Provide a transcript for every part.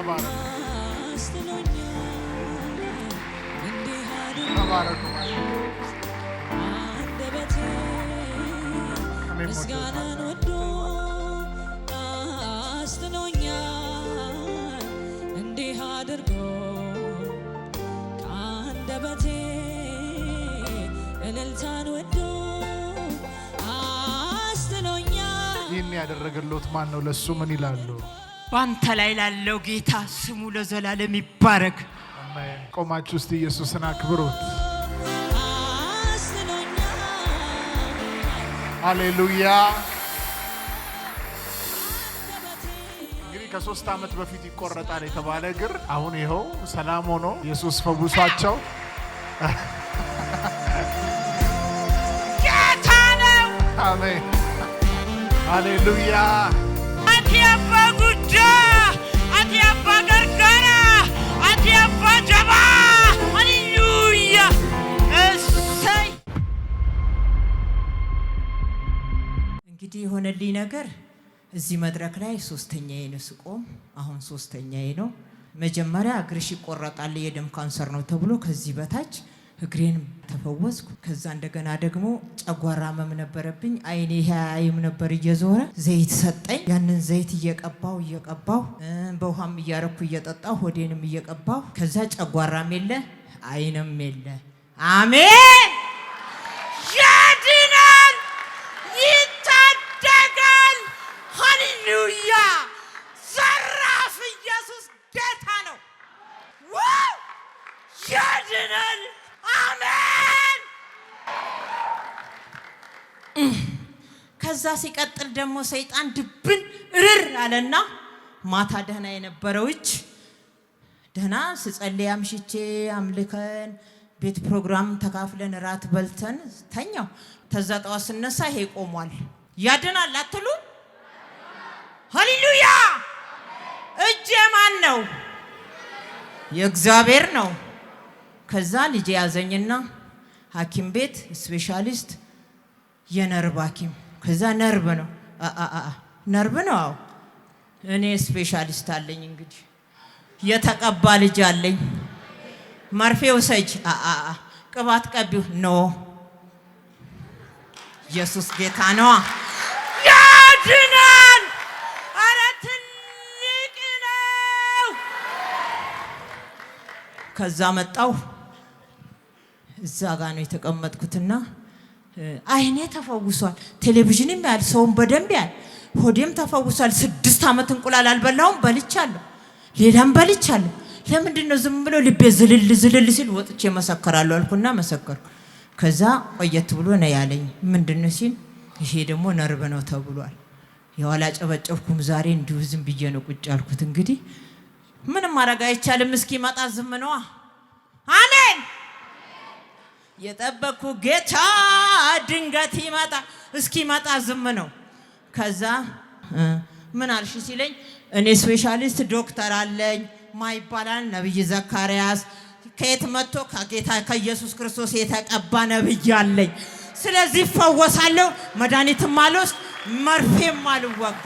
ተባረኩ፣ ምስጋናን ወዶ አስጥሎኛል፣ እንዲህ አድርጎ ከአንደበቴ እልልታን ወዶ አስጥሎኛል። ይህን ያደረገሎት ማን ነው? ለሱ ምን ይላሉ? በአንተ ላይ ላለው ጌታ ስሙ ለዘላለም ይባረክ። ቆማችሁ ውስጥ ኢየሱስን አክብሩት። አሌሉያ። እንግዲህ ከሶስት ዓመት በፊት ይቆረጣል የተባለ እግር አሁን ይኸው ሰላም ሆኖ ኢየሱስ ፈውሷቸው ጌታ ነው። አሜን አሌሉያ። ጭብጨባ ሃሌሉያ! እሰይ! እንግዲህ የሆነልኝ ነገር እዚህ መድረክ ላይ ሶስተኛዬ ነው ስቆም፣ አሁን ሶስተኛዬ ነው። መጀመሪያ እግርሽ ይቆረጣል የደም ካንሰር ነው ተብሎ ከዚህ በታች እግሬን ተፈወስኩ። ከዛ እንደገና ደግሞ ጨጓራ መም ነበረብኝ። አይኔ ያይም ነበር እየዞረ ዘይት ሰጠኝ። ያንን ዘይት እየቀባው እየቀባው በውሃም እያረኩ እየጠጣው ሆዴንም እየቀባው ከዛ ጨጓራም የለ አይንም የለ አሜን ሲቀጥል ደግሞ ሰይጣን ድብን እርር አለና ማታ ደህና የነበረው እጅ ደህና ስጸልይ አምሽቼ አምልከን ቤት ፕሮግራም ተካፍለን እራት በልተን ተኛው። ተዛ ጠዋት ስነሳ ይሄ ቆሟል። ያድናል አትሉ? ሀሌሉያ! እጅ የማን ነው? የእግዚአብሔር ነው። ከዛ ልጄ ያዘኝና ሐኪም ቤት ስፔሻሊስት የነርቭ ሐኪም ከዛ ነርቭ ነው ነርቭ ነው። አዎ እኔ ስፔሻሊስት አለኝ። እንግዲህ የተቀባ ልጅ አለኝ። መርፌ ውሰጅ፣ ቅባት ቀቢው ኖ ኢየሱስ ጌታ ነዋ፣ ያድናል። ኧረ ትልቅ ነው። ከዛ መጣው እዛ ጋ ነው የተቀመጥኩትና አይኔ ተፈውሷል። ቴሌቪዥንም ያል ሰውን በደንብ ያል ሆዴም ተፈውሷል። ስድስት ዓመት እንቁላል አልበላሁም፣ በልቻለሁ። ሌላም በልቻለሁ። ለምንድን ነው ዝም ብሎ ልቤ ዝልል ዝልል ሲል ወጥቼ መሰከራለሁ አልኩና መሰከርኩ። ከዛ ቆየት ብሎ ነው ያለኝ። ምንድን ነው ሲል ይሄ ደግሞ ነርቭ ነው ተብሏል። የኋላ ጨበጨብኩም ዛሬ እንዲሁ ዝም ብዬ ነው ቁጭ ያልኩት። እንግዲህ ምንም ማድረግ አይቻልም። እስኪ ዝም ነዋ። አሜን የጠበቅኩ ጌታ ድንገት ይመጣ እስኪመጣ ዝም ነው። ከዛ ምን አልሽ ሲለኝ እኔ ስፔሻሊስት ዶክተር አለኝ ማ ይባላል ነብይ ዘካርያስ ከየት መጥቶ ከጌታ ከኢየሱስ ክርስቶስ የተቀባ ነብይ አለኝ። ስለዚህ እፈወሳለሁ። መድኃኒትም አልወስድ መርፌም አልወጋ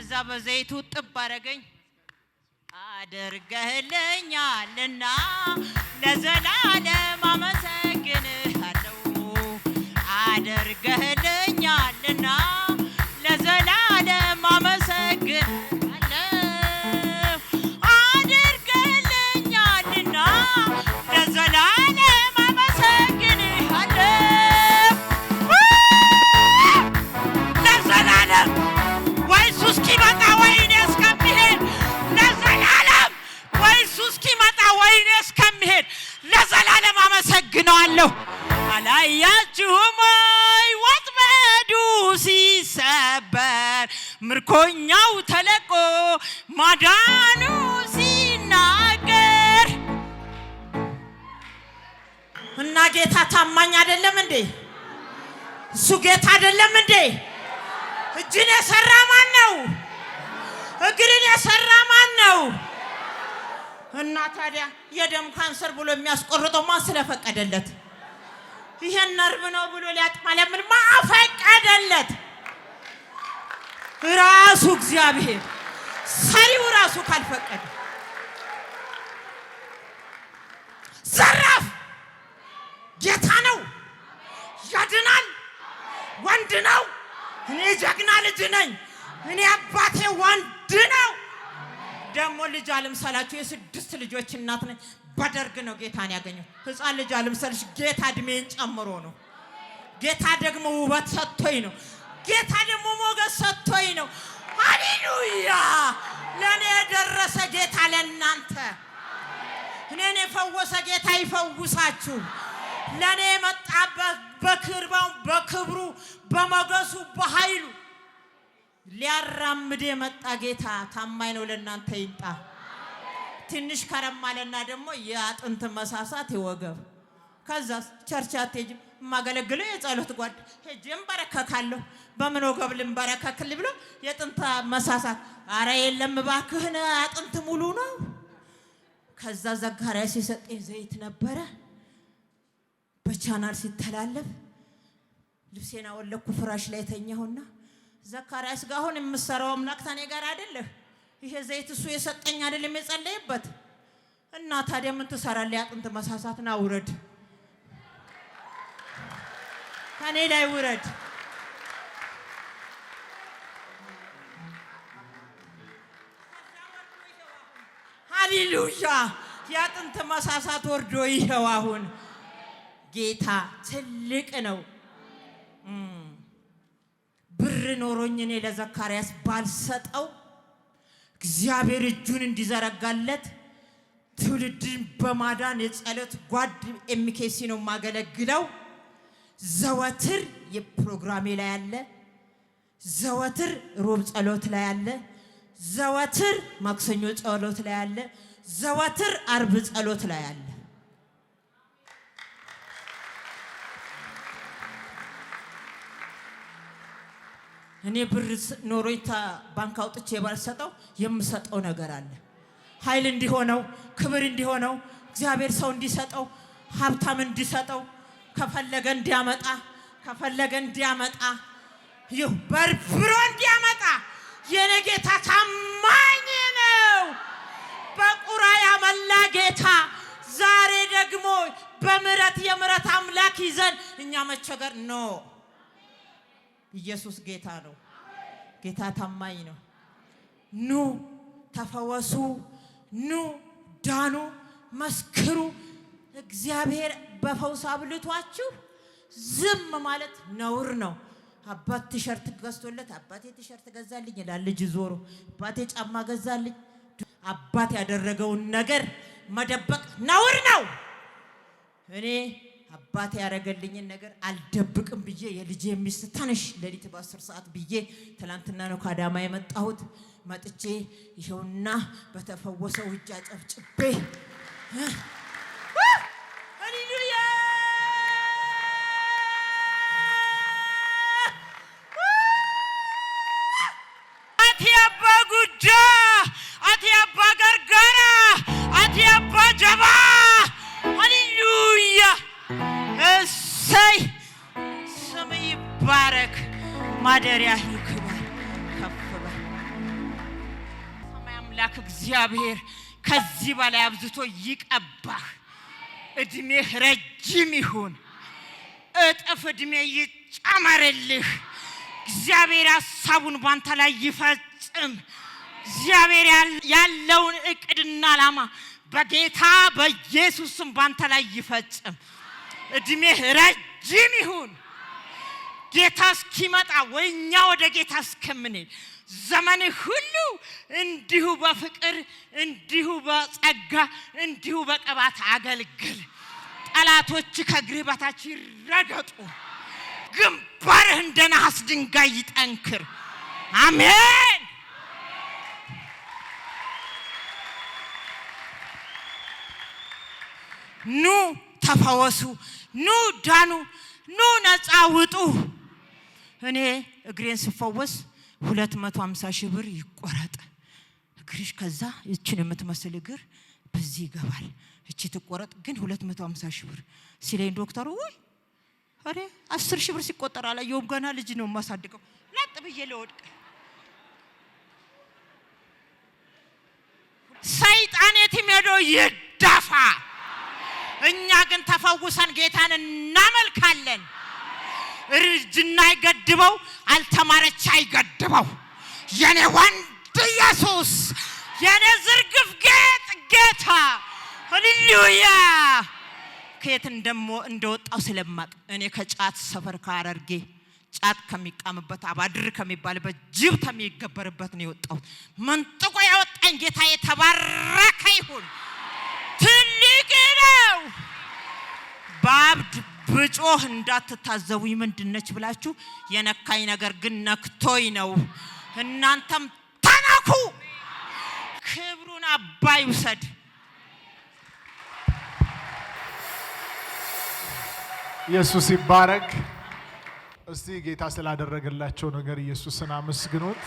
እዛ በዘይቱ ጥብ አረገኝ አድርገህልኛልና ለዘላለም ማዳኑ ሲናገር እና ጌታ ታማኝ አይደለም እንዴ? እሱ ጌታ አይደለም እንዴ? እጅን የሰራ ማን ነው? እግርን የሰራ ማን ነው? እና ታዲያ የደም ካንሰር ብሎ የሚያስቆርጠው ማን ስለፈቀደለት? ይሄን ነርቭ ነው ብሎ ሊያጥፋ ለምን ማፈቀደለት? ራሱ እግዚአብሔር ሰሪው ራሱ ካልፈቀደ ዘራፍ ጌታ ነው፣ ያድናል፣ ወንድ ነው። እኔ ጀግና ልጅ ነኝ። እኔ አባቴ ወንድ ነው። ደግሞ ልጅ አልምሰላችሁ፣ የስድስት ልጆች እናት ነኝ። በደርግ ነው ጌታን ያገኘው። ህፃን ልጅ አልምሰልሽ፣ ጌታ እድሜን ጨምሮ ነው። ጌታ ደግሞ ውበት ሰጥቶኝ ነው። ጌታ ደግሞ ሞገስ ሰጥቶኝ ነው። አሌሉያ። ለእኔ የደረሰ ጌታ ለእናንተ፣ እኔን የፈወሰ ጌታ ይፈውሳችሁ። ለእኔ የመጣበት በክርባው በክብሩ በመገሱ በኃይሉ ሊያራምድ የመጣ ጌታ ታማኝ ነው። ለእናንተ ይምጣ። ትንሽ ከረማለና ደግሞ የአጥንት መሳሳት ይወገብ ከዛስ ቸርች አትሄጂም? የማገለግለው የጸሎት ጓድ ሄጄ እምበረከካለሁ። በምን ወገብ ልንበረከክል ብሎ የጥንት መሳሳት። አረ የለም እባክህን፣ አጥንት ሙሉ ነው። ከዛ ዘካርያስ የሰጠኝ ዘይት ነበረ በቻናል ሲተላለፍ ልብሴን አወለኩ ፍራሽ ላይ ተኛሁና ዘካርያስ ጋር አሁን የምሰራው አምላክ ታኔ ጋር አይደለህ? ይሄ ዘይት እሱ የሰጠኝ አይደለም የጸለይበት እና ታዲያ ምን ትሰራለህ? የአጥንት መሳሳትን አውረድ ከኔ ላይ ውረድ። ሃሌሉያ! የአጥንት መሳሳት ወርዶ ይኸው አሁን ጌታ ትልቅ ነው። ብር ኖሮኝ እኔ ለዘካርያስ ባልሰጠው እግዚአብሔር እጁን እንዲዘረጋለት ትውልድን በማዳን የጸሎት ጓድ ኤምኬሲ ነው የማገለግለው። ዘወትር የፕሮግራሜ ላይ አለ፣ ዘወትር ሮብ ጸሎት ላይ አለ፣ ዘወትር ማክሰኞ ጸሎት ላይ አለ፣ ዘወትር አርብ ጸሎት ላይ አለ። እኔ ብር ኖሮታ ባንክ አውጥቼ ባልሰጠው የምሰጠው ነገር አለ። ኃይል እንዲሆነው፣ ክብር እንዲሆነው፣ እግዚአብሔር ሰው እንዲሰጠው፣ ሀብታም እንዲሰጠው ከፈለገ እንዲያመጣ ከፈለገ እንዲያመጣ ይሁ በርብሮ እንዲያመጣ የኔ ጌታ ታማኝ ነው። በቁራ ያመላ ጌታ ዛሬ ደግሞ በምረት የምረት አምላክ ይዘን እኛ መቸገር ኖ ኢየሱስ ጌታ ነው። ጌታ ታማኝ ነው። ኑ ተፈወሱ፣ ኑ ዳኑ፣ መስክሩ እግዚአብሔር በፈውስ አብልቷችሁ ዝም ማለት ነውር ነው። አባት ቲሸርት ገዝቶለት አባቴ ቲሸርት ገዛልኝ ይላል ልጅ ዞሮ፣ አባቴ ጫማ ገዛልኝ። አባት ያደረገውን ነገር መደበቅ ነውር ነው። እኔ አባት ያደረገልኝን ነገር አልደብቅም ብዬ የልጄ ሚስት ተነሽ ሌሊት በአስር ሰዓት ብዬ ትላንትና ነው ከአዳማ የመጣሁት። መጥቼ ይኸውና በተፈወሰው እጅ አጨብጭቤ አምላክ እግዚአብሔር ከዚህ በላይ አብዝቶ ይቀባህ። እድሜህ ረጅም ይሁን፣ እጥፍ እድሜ ይጨመርልህ። እግዚአብሔር ሀሳቡን ባንተ ላይ ይፈጽም። እግዚአብሔር ያለውን እቅድና ዓላማ በጌታ በኢየሱስም ባንተ ላይ ይፈጽም። እድሜህ ረጅም ይሁን ጌታ እስኪመጣ ወይ እኛ ወደ ጌታ እስከምንሄድ ዘመን ሁሉ እንዲሁ በፍቅር እንዲሁ በጸጋ እንዲሁ በቅባት አገልግል። ጠላቶች ከእግር በታች ይረገጡ። ግንባርህ እንደ ነሐስ ድንጋይ ይጠንክር። አሜን። ኑ ተፈወሱ፣ ኑ ዳኑ፣ ኑ ነፃ ውጡ። እኔ እግሬን ስፈወስ ሁለት መቶ ሃምሳ ሺህ ብር ይቆረጥ እግርሽ። ከዛ እችን የምትመስል እግር በዚህ ይገባል፣ እቺ ትቆረጥ ግን ሁለት መቶ ሃምሳ ሺህ ብር ሲለኝ ዶክተሩ ወይ አሬ አስር ሺህ ብር ሲቆጠር አላየሁም። ገና ልጅ ነው የማሳድገው። ላጥ ብዬ ለወድቅ ሰይጣን የትም ሄዶ ይዳፋ። እኛ ግን ተፈውሰን ጌታን እናመልካለን። እርጅና አይገድበው፣ አልተማረች አይገድበው። የኔ ወንድ ኢየሱስ የኔ ዝርግፍ ጌጥ ጌታ ሃሌሉያ። ከየት እንደወጣው ስለማቅ እኔ ከጫት ሰፈር ካረርጌ ጫት ከሚቃምበት አባድር ከሚባልበት ጅብ ከሚገበርበት ነው የወጣሁት። መንጥቆ ያወጣኝ ጌታ የተባረከ ይሁን። ትልቅ ነው። በአብድ ብጮህ እንዳትታዘቡኝ ምንድነች ብላችሁ የነካኝ ነገር ግን ነክቶኝ ነው። እናንተም ተነኩ። ክብሩን አባይ ውሰድ። ኢየሱስ ይባረክ። እስቲ ጌታ ስላደረገላቸው ነገር ኢየሱስን አመስግኑት።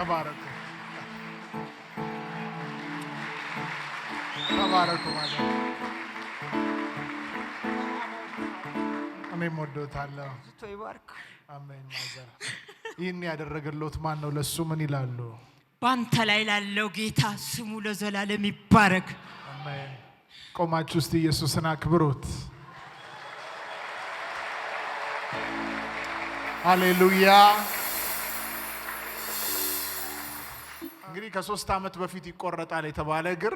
ተባረኩ፣ ተባረኩ ማለት እኔም ወዶታለሁ። አሜን። ማዘር ይህን ያደረገሎት ማን ነው? ለሱ ምን ይላሉ? በአንተ ላይ ላለው ጌታ ስሙ ለዘላለም ይባረክ። አሜን። ቆማችሁ ውስጥ ኢየሱስን አክብሩት። ሃሌሉያ እንግዲህ ከሶስት ዓመት በፊት ይቆረጣል የተባለ እግር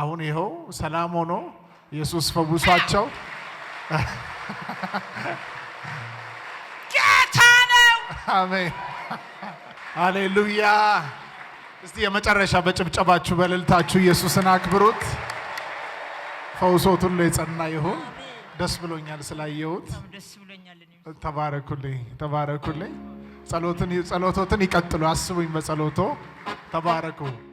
አሁን ይኸው ሰላም ሆኖ ኢየሱስ ፈውሷቸው ጌታ ነው። አሜን አሌሉያ። እስቲ የመጨረሻ በጭብጨባችሁ በልልታችሁ ኢየሱስን አክብሩት። ፈውሶት ሁሉ የጸና ይሁን። ደስ ብሎኛል ስላየሁት። ተባረኩልኝ፣ ተባረኩልኝ። ጸሎትን ይቀጥሉ። አስቡኝ በጸሎቶ తబారకు